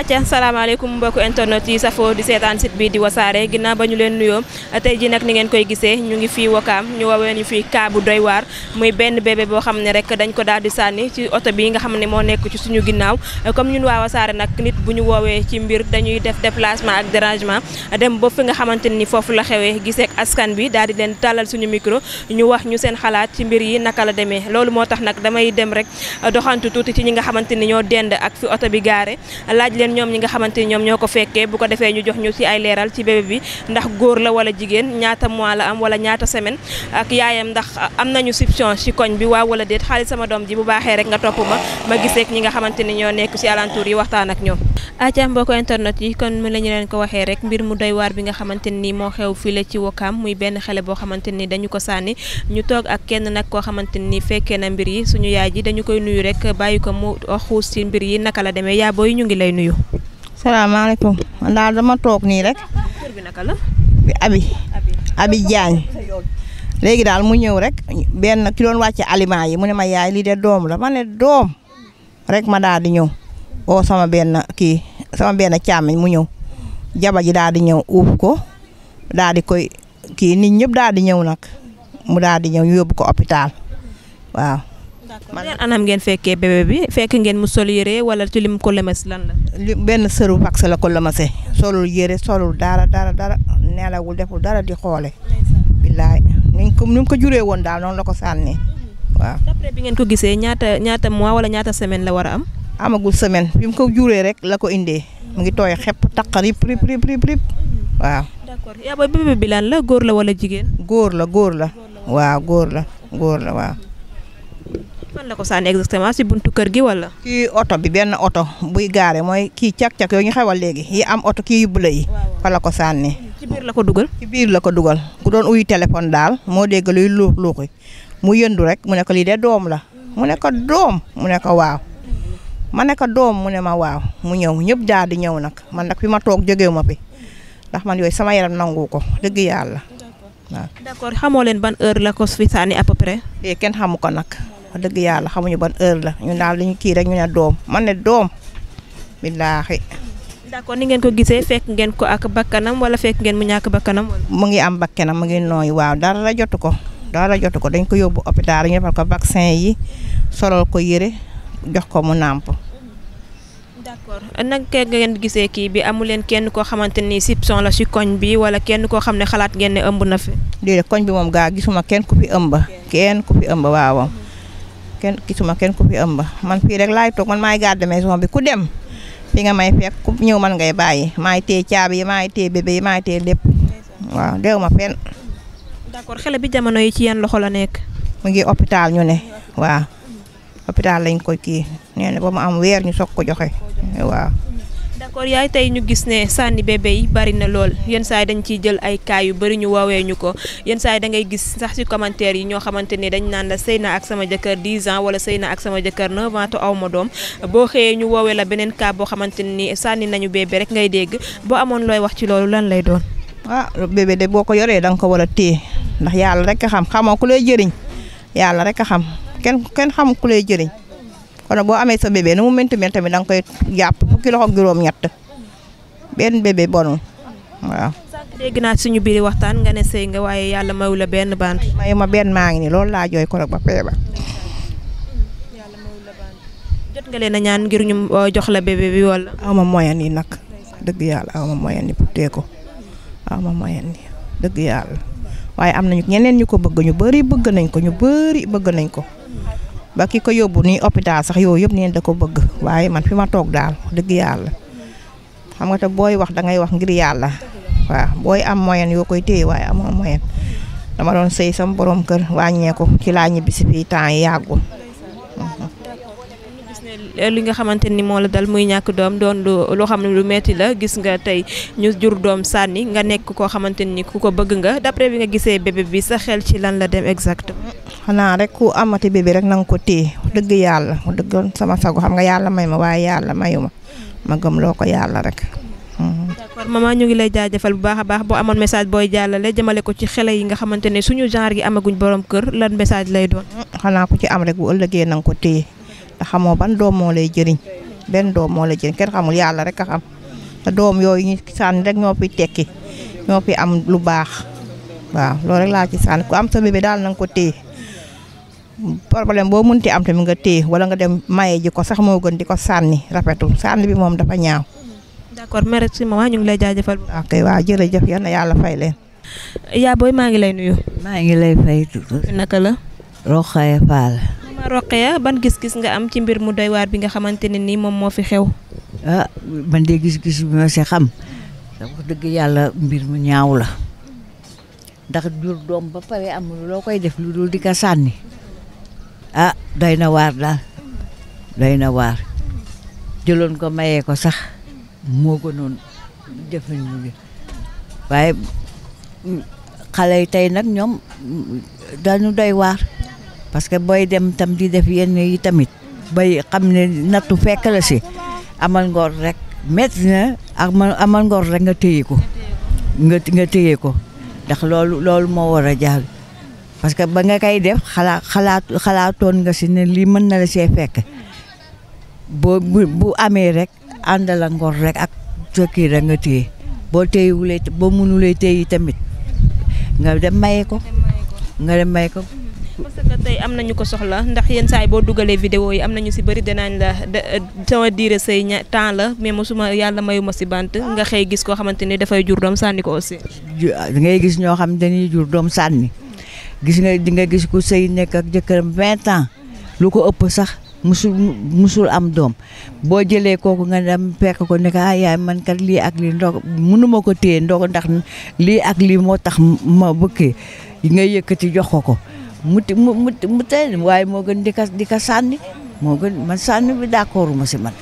acca salaamaaleykum mbokku internet yi safoo di seetaan site bi di wasaare ginnaaw ba ñu leen nuyoo tey ji nag ni ngeen koy gisee ñu ngi fii wakaam ñu woowee ñu fii kaa bu doy waar muy benn bébé boo xam ne rek dañ ko daal di sànni ci oto bi nga xam ne moo nekk ci suñu ginnaaw comme ñun waa wasaare nag nit bu ñu woowee ci mbir dañuy def déplacement ak dérangement dem ba fi nga xamante ni foofu la xewee gisee askan bi daal di leen tàllal suñu micro ñu wax ñu seen xalaat ci mbir yi naka la demee loolu moo tax nag damay dem rek doxantu tuuti ci ñi nga xamante ni ñoo dend ak fi oto bi gaare laaj leen ñoom ñi nga xamante ni ñoom ñoo ko fekkee bu ko defee ñu jox ñu ci ay leeral ci bébé bi ndax góor la wala jigéen ñaata mois la am wala ñaata semaine ak yaayam ndax am nañu suspicion ci koñ bi waaw wala déet xaalis sama doom ji bu baaxee rek nga topp ma ma gisee ak ñi nga xamante ni ñoo nekk ci alentour yi waxtaan ak ñoom aca mbokk internet yi kon mu la ñu leen ko waxee rek mbir mu doy waar bi nga xamante ni moo xew fii la ci Wakaam muy benn xale boo xamante ni dañu ko sànni ñu toog ak kenn nag koo xamante ni fekkee na mbir yi suñu yaay ji dañu koy nuyu rek bàyyi ko mu xuus ci mbir yi naka la demee yaa booy ñu ngi lay nuyu salaamaaleykum man daal dama toog nii rek tur bi la bi abi abi Diagne léegi daal mu ñëw rek benn ki doon wàcce aliment yi mu ne ma yaay lii de doom la ma ne doom rek ma daal di ñëw oo sama benn kii sama benn càmmiñ mu ñëw jaba ji daal di ñëw uuf ko daal di koy kii nit ñëpp daal di ñëw nag mu daal di ñëw ñu yóbbu ko hôpital waaw. man anam ngeen fekkee bébé bi fekk ngeen mu sol yére wala ci lim ko lëmas lan la. benn sëru wax la ko lëmase. solul yére solul dara dara dara nelawul deful dara di xoole. billaay niñ ko ni mu ko juree woon daal noonu la ko sànnee waaw. bi ngeen ko gisee ñaata ñaata mois wala ñaata semaine la war a am. amagul semaine bi mu ko juree rek la ko indee mu ngi tooy xepp taq rip rip rip rip rip waaw. d'accord yaa bi lan la góor la wala jigéen. góor la góor la waaw góor la góor la waaw. fan la ko sànni exactement si buntu kër gi wala. kii oto bi benn oto buy gaare mooy kii càq-càq yooyu ñu xewal léegi yi am oto kii yu bula yi. fa la ko sànni. ci biir la ko dugal. ci biir la ko dugal ku doon uy téléphone daal moo dégg luy luux luuxi mu yëndu rek mu nekk lii de doom la mu ne ko doom mu ne ko waaw. man ne ko doom mu ne ma waaw mu ñëw ñëpp jaar di ñëw nag man nag fi ma toog jógewu ma fi ndax man yooyu sama yaram nangu ko dëgg yàlla waaw. d'accord xamoo leen ban heure la ko sànni à peu près. Eh, kenn xamu ko nag wax yàlla xamuñu ban heure la ñu daal li ñu kii rek ñu ne doom man ne doom billaahi. d'accord ni ngeen ko gisee fekk ngeen ko ak bakkanam wala fekk ngeen mu ñàkk bakkanam. mu ngi am bakkanam mu ngi nooyu waaw dara jot ko dara jot ko dañ ko yóbbu hôpital ñu defal ko vaccin yi solal ko yére. jox ko mu nàmp. d'accord nag ngeen gisee kii bi amu leen kenn koo xamante ni soupçon la ci koñ bi wala kenn koo xam ne xalaat ngeen ne ëmb na fi. déedéet koñ bi moom gaa gisuma kenn ku fi ëmb. kenn ku fi ëmb waaw kenn gisuma kenn ku fi ëmb man fii rek laay toog man maay garde maison bi ku dem fi nga may fekk ku ñëw man ngay bàyyi maay téye caabi yi maay téye bébé yi maay téye lépp waaw deew ma fenn. d'accord xale bi jamono yi ci yenn loxo la nekk. mu ngi hôpital ñu ne waaw. hôpital lañ ko kii nee na ba mu am weer ñu soog ko joxe waaw. d'accord yaay tey ñu gis ne sànni bébé yi bari na lool yenn saa yi dañ ciy jël ay kaay yu bari ñu woowee ñu ko yenn saa yi da ngay gis sax ci commentaire yi ñoo xamante ne dañ naan la sëy na ak sama jëkkër 10 an wala sëy na ak sama jëkkër 9 ans te aw ma doom boo xëyee ñu woowee la beneen cas boo xamante ni sànni nañu bébé rek ngay dégg boo amoon looy wax ci loolu lan lay doon. ah bébé boo ko yoree da ko war a ndax yàlla a xam xamoo ku kenn kenn xam ku lay jëriñ kon boo amee sa bébé na mu mënti mel tamit da koy jàpp fukki loxo juróom-ñett benn bébé bonul waaw. naa suñu biir waxtaan nga ne sëy nga waaye yàlla mayu la benn bant. mayu ma benn maa ngi nii loolu laa jooy ko ba feebar. jot nga ngir ñu uh, jox la bébé bi yi nag dëgg yàlla aw ma moyen yi pour ko aw ma yi dëgg yàlla waaye am nañu ñeneen ñu ko bëgg ñu bëri bëgg nañ ko ñu bëri bëgg nañ ko. ba ki ko yóbbu nii hôpital sax yooyu yëpp neen da ko bëgg waaye man fi ma toog daal dëgg yàlla xam nga te booy wax da ngay wax ngir yàlla waa booy am moyen yoo koy téye waaye amoon moyen dama doon sëy sam borom kër wàññeeku ci laa ñibbisi fii temps yi yàggul Eh, li nga xamante ni moo la dal muy ñàkk doom doon lu loo xam ne lu metti la gis nga tey ñu jur doom sànni nga nekk koo xamante ni ku ko bëgg nga d'après bi nga gisee bébé bi sa xel ci lan la dem exactement. xanaa rek ku amati bébé rek na nga ko téye dëgg yàlla dëgg sama sago xam nga yàlla may ma waaye yàlla mayu ma ma gëm loo ko yàlla rek. Mhm. d'accord maman ñu ngi lay jaajëfal bu baax a baax boo amoon message booy jàllale jëmale ko ci xele yi nga xamante ne genre gi amaguñ borom kër lan message lay doon. xanaa ku ci am rek bu ëllëgee nga ko téye. xamoo ban doom moo lay jëriñ benn doom moo lay jëriñ kenn xamul yàlla rek a xam doom yooyu ñu sànni rek ñoo fi tekki ñoo fi am lu baax waaw loolu rek laa ci sànni ko am sa bébé daal na ko téye problème boo mënti am tamit nga téye wala nga dem maye ji ko sax moo gën di ko sànni rafetul sànni bi moom dafa ñaaw. d'accord merci maman ñu ngi lay jaajëfal. ok waaw jërëjëf yal na yàlla fay leen. yaa booy ngi lay nuyu. maa ngi lay fay. naka la. ma Roqeya ban gis-gis nga am ci mbir mu doy bi nga xamante ne nii moom moo fi xew. ah man de gis-gis bi ma si xam ko dëgg yàlla mbir mu ñaaw la ndax jur doom ba pare amul loo koy def lu dul di ko sànni ah doy na waar daal doy na waar jëloon ko mayee ko sax moo gënoon def nañu waaye mm, xale yi tey nag ñoom mm, dañu doy waar. parce que booy dem tam di def yenn yi tamit ba xam ne nattu fekk la si amal ngor rekk metti na ak man amal ngor rek nga téye ko nga nga téye ko ndax loolu loolu moo war a jaar parce que ba nga koy def xalaat xalaatoon nga si ne lii mën na la see fekk boo bu amee rek àndal ak ngor rek ak sa kii rek nga téye boo téyewulee boo mënulee téye tamit nga dem maye ko nga dem maye ko. tey am na ñu ko soxla ndax yenn saa yi boo dugalee vidéo yi am nañu si bëri danaañ la sama diire say ña temps la mais mosuma yàlla mayuma si bant nga xëy gis koo xamante ni dafay jur doom sànni ko aussi. Ah, ngay gis ñoo xam dañuy jur doom sànni gis nga di nga gis ku sëy nekk jëkkëram vingt ans lu ko ëpp sax musul am doom boo jëlee kooku nga dem fekk ko ne ah yaay man lii ak lii ndog mënuma ko téye ndog ndax lii ak lii moo tax ma bëkkee nga yëkkati jox ko ko. muti mu muti mu tey waaye moo gën di ka di ka sànni moo gën man sànni bi d'accord ma si man.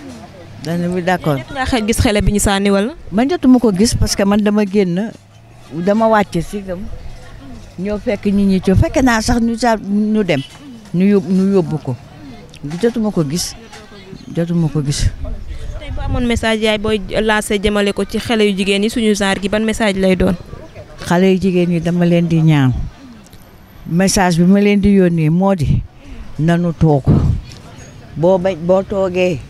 dana bi d'accord nga gis xale bi ñu sànni wala. man jotuma ko gis parce que man dama génn dama wàcce si gam ñoo fekk nit ñi ci fekk naa sax ñu sa ñu dem ñu yóbbu ñu yóbbu ko jotuma ko gis jotuma ko gis. tey bu amoon yaay booy lancé jëmale ko ci xale yu jigéen yi suñu genre gi ban message lay doon. xale yu jigéen yi dama leen di ñaan. message bi ma leen di yónnee moo di nanu toog boo bañ boo toogee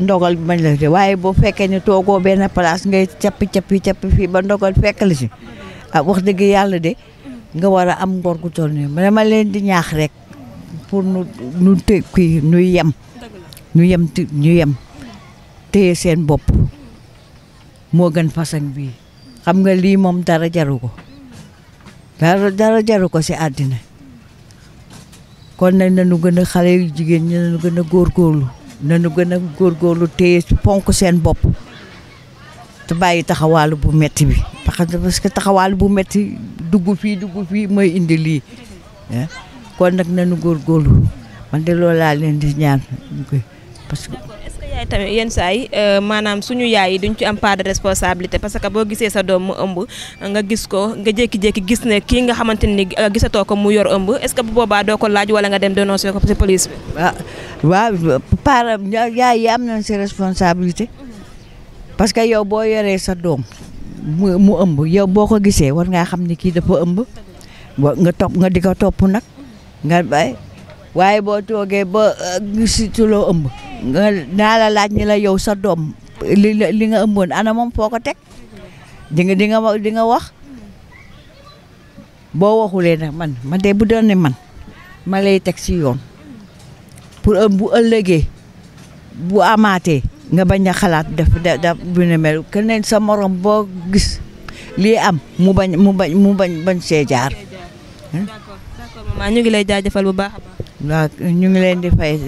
ndogal bi mañ la de waaye boo fekkee ne toogoo benn place ngay cappi cappi cappi fii ba ndogal fekk la si ah wax dëgg yàlla de nga war a am ngor gu toll nii ma dama leen di ñaax rek pour nu nu te kii nu yem nu yem ñu yem téye seen bopp moo gën façon bii xam nga lii moom dara jaru ko dara dara jaru ko si àddina kon nag nanu gën a xale yu jigéen ñi nanu gën a góor góorlu nanu gën a góor góorgóorlu téye ponk seen bopp te bàyyi taxawaalu bu metti bi parce que taxawaalu bu metti dugg fii dugg fii mooy indi lii kon nag nanu góorgóorlu man de loolu laa leen di ñaan parce yaay tamit yenn saa yi euh, maanaam suñu yaay yi duñ ci am part de responsabilité parce que boo gisee sa doom mu ëmb nga gis ko nga jékki-jékki gis ne kii nga xamante ni euh, gisatoo ko mu yor ëmb est-ce que bu boobaa doo ko wala nga dem dénoncer ko ci police bi. waaw yaay yi am nañ si responsabilité parce que yow boo yoree sa doom mu mu ëmb yow boo ko gisee war ngaa xam ni kii dafa ëmb nga topp nga di ko topp nag nga bay waaye boo toogee ba euh, gisituloo ëmb. nga naa la laaj ni la yow sa doom li li nga ëmboon ana moom foo ko teg di nga di nga nga wax boo waxulee nag man ma de bu doon ne man ma lay teg si yoon pour bu ëllëgee bu amaatee nga bañ a xalaat def def bu ne mel keneen sa morom boo gis lii am mu bañ mu bañ mu bañ bañ see jaar. d'accord d'accord ñu ngi lay jaajëfal bu baax a baax. ñu ngi leen di fay.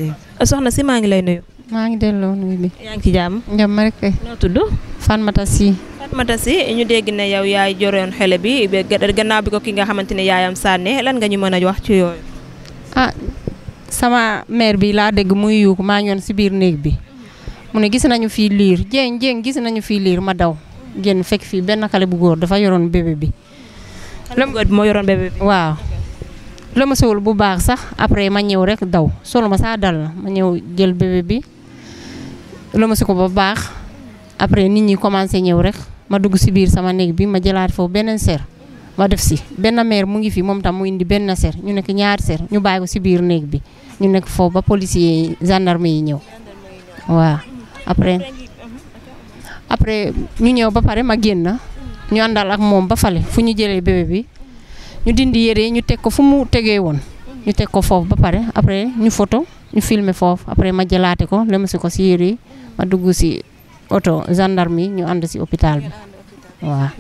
Ah, soxna si maa ngi lay nuyu. maa ngi delloo nuyu bi. yaa ngi ci jàmm. jàmm rek noo tudd. fan Sy. Fatmata Sy ñu dégg ne yow yaay joroon xele bi gannaaw bi ko ki nga xamante ne yaayam sànne lan nga ñu mën a wax ci yooyu. ah sama mère bi laa dégg muy yuuku maa ñoon si biir néeg bi mu ne gis nañu fii liir jéeng jéeng gis nañu fii liir ma daw génn fekk fii benn xale bu góor dafa yoroon bébé bi. moo yoroon bébé bi waaw. la ma sowul bu baax sax après ma ñëw rek daw solo ma saa dal na ma ñëw jël bébé bi la ma ko ba baax après nit ñi commencé ñëw rek ma dugg si biir sama néeg bi ma jëlaat foofu beneen ser ma def si benn mère mu ngi fi moom tam mu indi benn ser ñu nekk ñaari seer ñu bàyyi ko si biir néeg bi ñu nekk foofu ba policier yi gendarme yi ñëw waaw après après ñu ñëw ba pare ma génn ñu àndal ak moom ba fale fu ñu jëlee bébé bi ñu dindi yére ñu teg ko fu mu tegee woon ñu teg ko foofu ba pare après ñu photo ñu filmer foofu après ma jëlaate ko lem si ko si yére yi ma dugg si oto gendarme yi ñu ànd si hôpital bi waaw.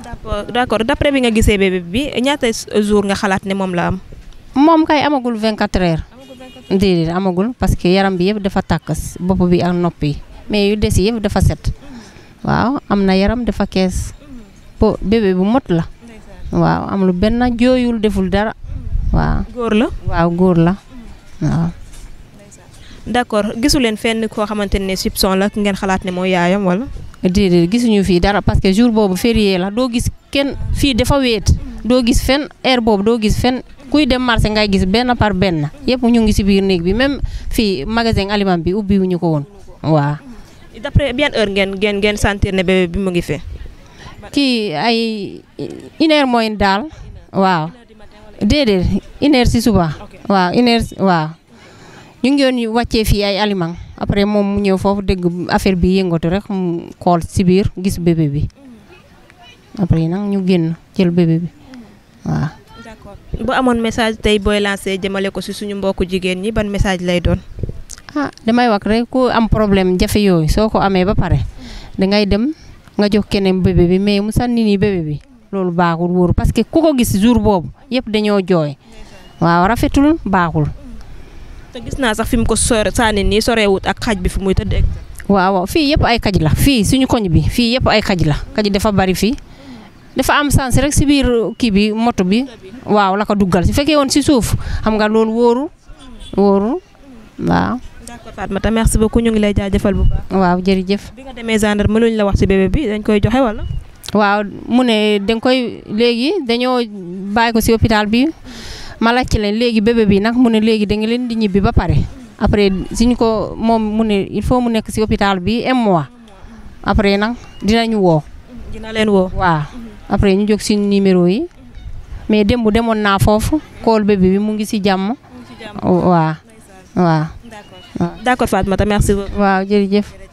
d' accord bi nga gisee bébé bi ñaata jour nga xalaat ne moom la am. moom kay amagul 24 heures. déedéet amagul parce que yaram bi yëpp dafa tàkk bopp bi ak nopp yi mais yu des yëpp dafa set mm. waaw am na yaram dafa kees bo mm. bu mot la. waaw amul benn jooyul deful dara waaw. góor la waaw góor la mm. waaw. d'accord gisu leen fenn koo xamante ne soupçon la ngeen xalaat ne mooy yaayam wala. déedéet gisuñu fi dara parce que jour boobu férié la doo gis kenn fii dafa weet mm. doo gis fenn heure boobu doo gis fenn kuy dem marché ngay gis benn par benn yëpp ñu ngi ci biir néeg bi même fii magasin aliment bi ubbiwuñu ko woon waaw. d'après bien heure ngeen ngeen ngeen sentir ne bébé bi mu ngi fee. kii ay une mooy daal waaw déedéet une heure si suba waaw une waaw ñu ngi wàccee fii ay aliment après moom mu ñëw foofu dégg affaire bi yëngatu rek mu xool si biir gis bébé bi après nag ñu génn jël bébé bi waaw. d'accord bu amoon message tey booy lancé jëmale ko si suñu mbokku jigéen ñi ban message lay doon. ah damay wax rek ku am problème jafe yooyu soo ko amee ba pare dangay dem. nga jox keneen bébé bi mais mu sànni nii bébé bi loolu baaxul wóoru parce que ku ko gis jour boobu yëpp dañoo jooy waaw rafetul baaxul. te gis naa sax fi mu ko sore sànni nii sorewut ak xaj bi fu muy tëdd. waaw fii yëpp ay xaj la fii suñu koñ bi fii yëpp ay xaj la xaj dafa bari fii dafa am sens rek si biir kii bi moto bi waaw la ko duggal si fekkee woon si suuf xam nga loolu wóoru wóoru waaw. d'accord Fatmata merci beaucoup ñu ngi lay jaajëfal bu baax. waaw jërëjëf. bi nga demee la wax ci bébé bi dañ koy joxe wala. waaw mu ne dañ koy léegi dañoo bàyyi ko si hôpital bi ma laajte leen léegi bébé bi nag mu ne léegi da leen di ñibbi ba pare après suñu ko moom mu ne il faut mu nekk si hôpital bi un mois après nag dinañu woo. dina leen woo waaw. après ñu jóg suñu numéro yi mais démb demoon naa foofu kool bébé bi mu ngi si jàmm. waaw waaw. waaw d' accord Fatoumata merci beaucoup. waaw jërëjëf.